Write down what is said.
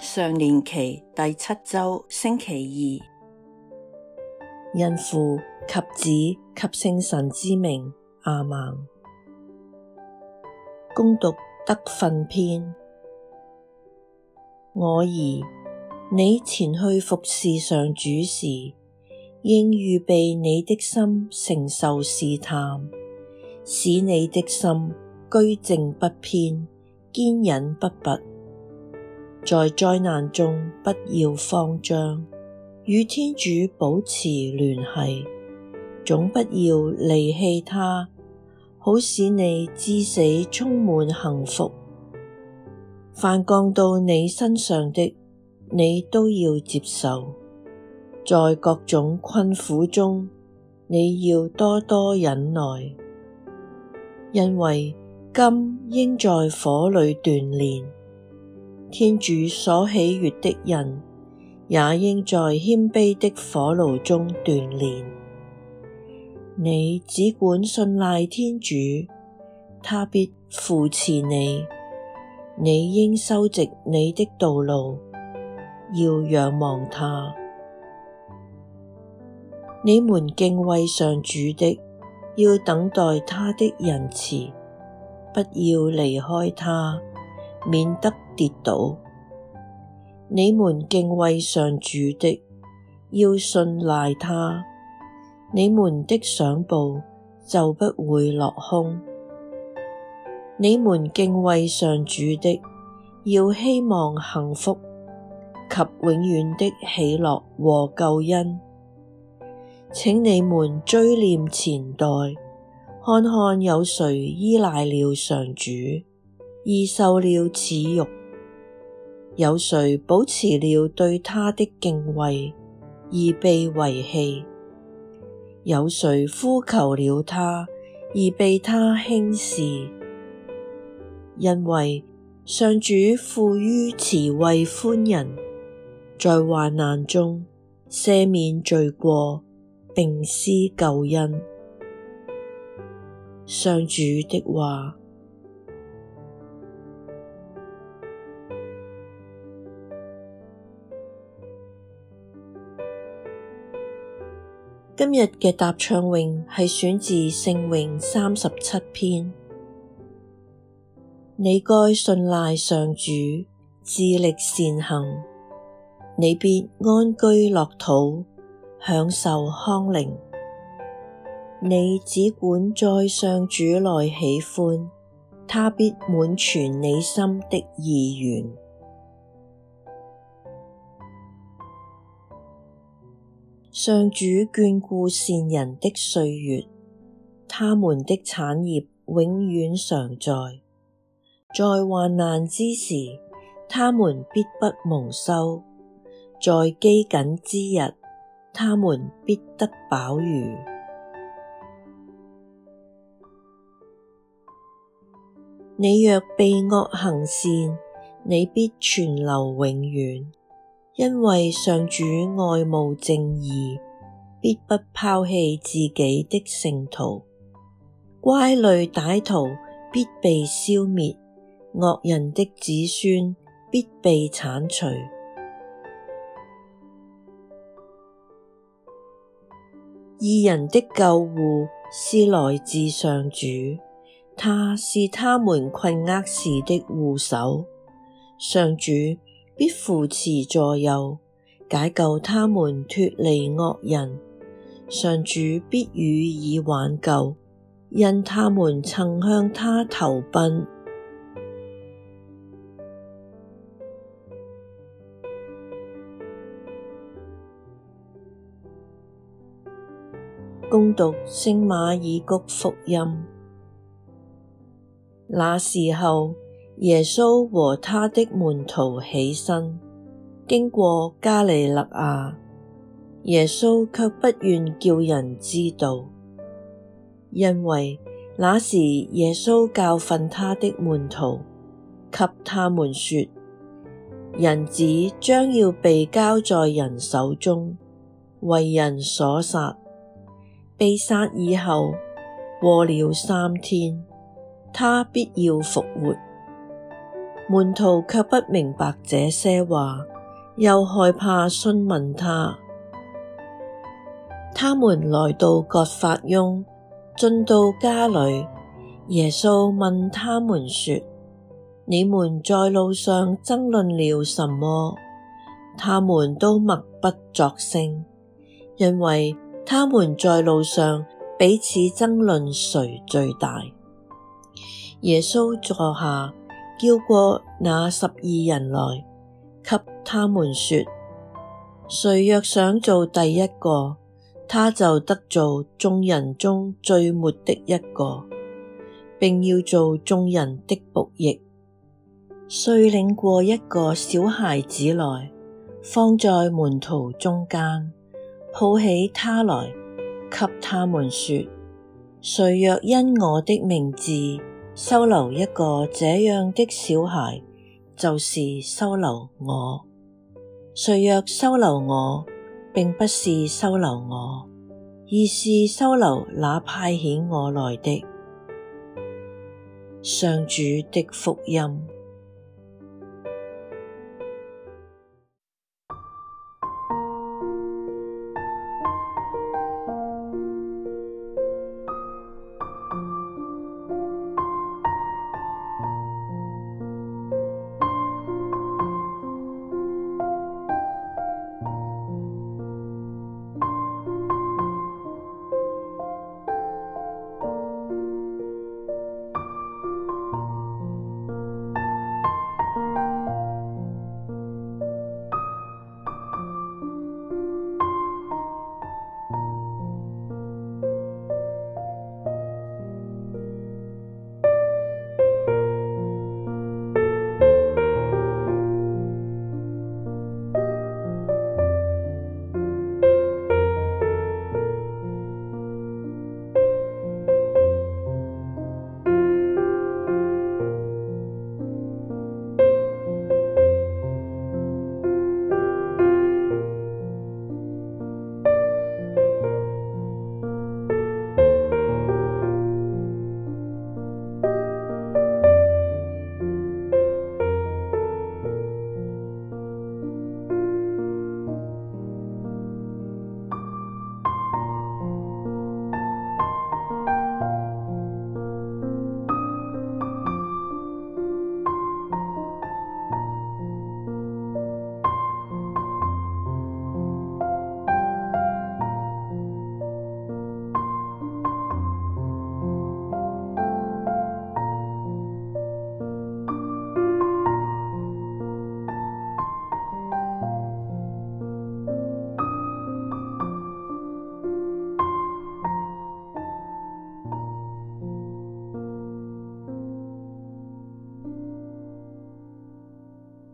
常年期第七周星期二，因父及子及聖神之名阿孟。恭讀德訓篇。我兒，你前去服侍上主時，應預備你的心承受試探，使你的心居正不偏，堅忍不拔。在災難中，不要慌張，與天主保持聯繫，總不要離棄他，好使你至死充滿幸福。凡降到你身上的，你都要接受。在各種困苦中，你要多多忍耐，因為金應在火裏鍛煉。天主所喜悅的人，也應在謙卑的火爐中鍛煉。你只管信賴天主，他必扶持你。你應修直你的道路，要仰望他。你們敬畏上主的，要等待他的仁慈，不要離開他。免得跌倒。你們敬畏上主的，要信賴他，你們的賞報，就不會落空。你們敬畏上主的，要希望幸福，及永遠的喜樂和救恩。請你們追念前代，看看有誰依賴了上主，而受了恥辱？有誰保持了對他的敬畏，而被遺棄？有誰呼求了他，而被他輕視？因為上主富於慈惠寬仁，在患難中，赦免罪過，並施救恩。上主的話。今日嘅答唱詠，係選自聖詠三十七篇。你該信賴上主，致力善行，你必安居樂土，享受康寧。你只管在上主內喜歡，他必滿全你心的意願。上主眷顧善人的歲月，他們的產業永遠常在；在患難之時，他們必不蒙羞；在饑饉之日，他們必得飽飫。你若避惡行善，你必存留永遠。因為上主愛慕正義，必不拋棄自己的聖徒。乖戾歹徒必被消滅，惡人的子孫必被鏟除。義人的救護是來自上主，他是他們困厄時的護守。上主。必扶持助佑，解救他們脫離惡人。上主必予以挽救，因他們曾向他投奔。恭讀聖馬爾谷福音。那時候。耶穌和他的門徒起身，經過加里肋亞，耶穌却不願叫人知道，因為那時耶穌教訓他的門徒，給他們說：人子將要被交在人手中，為人所殺，被殺以後，過了三天，他必要復活。.門徒卻不明白這些話，又害怕詢問他。他們來到葛法翁，進到家裏，耶穌問他們說：你們在路上爭論了什麼？他們都默不作聲，因為他們在路上彼此爭論誰最大。耶穌坐下。叫過那十二人來，給他們說：誰若想做第一個，他就得做眾人中最末的一個，並要做眾人的僕役。遂領過一個小孩子來，放在門徒中間，抱起他來，給他們說：誰若因我的名字，收留一個這樣的小孩，就是收留我。誰若收留我，並不是收留我，而是收留那派遣我來的。上主的福音。